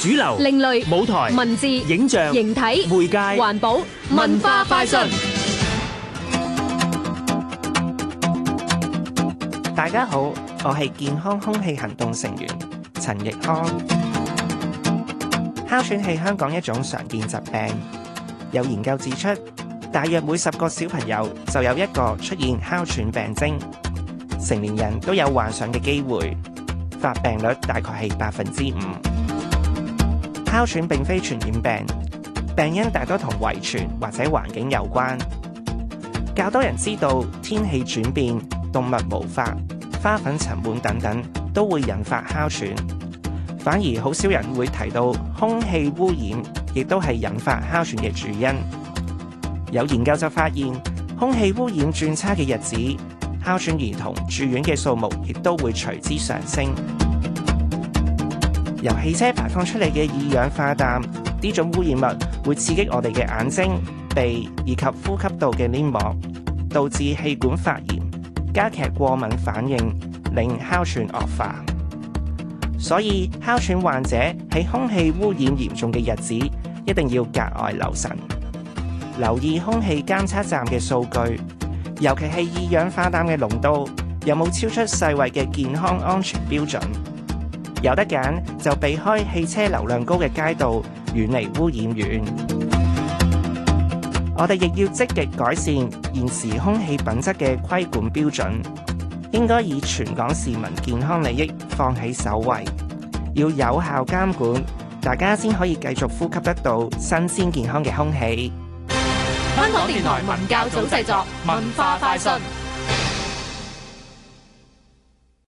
主流、另類、舞台、文字、影像、形體、媒介、環保、文化快訊。大家好，我係健康空氣行動成員陳奕康。哮喘係香港一種常見疾病，有研究指出，大約每十個小朋友就有一個出現哮喘病徵，成年人都有患上嘅機會，發病率大概係百分之五。哮喘並非傳染病，病因大多同遺傳或者環境有關。較多人知道天氣轉變、動物毛髮、花粉塵蟎等等都會引發哮喘，反而好少人會提到空氣污染，亦都係引發哮喘嘅主因。有研究就發現，空氣污染轉差嘅日子，哮喘兒童住院嘅數目亦都會隨之上升。由汽車排放出嚟嘅二氧化氮呢種污染物，會刺激我哋嘅眼睛、鼻以及呼吸道嘅黏膜，導致氣管發炎，加劇過敏反應，令哮喘惡化。所以哮喘患者喺空氣污染嚴重嘅日子，一定要格外留神，留意空氣監測站嘅數據，尤其係二氧化氮嘅濃度有冇超出世衛嘅健康安全標準。有得揀就避開汽車流量高嘅街道，遠離污染源。我哋亦要積極改善現時空氣品質嘅規管標準，應該以全港市民健康利益放喺首位，要有效監管，大家先可以繼續呼吸得到新鮮健康嘅空氣。香港電台文教組製作，文化快訊。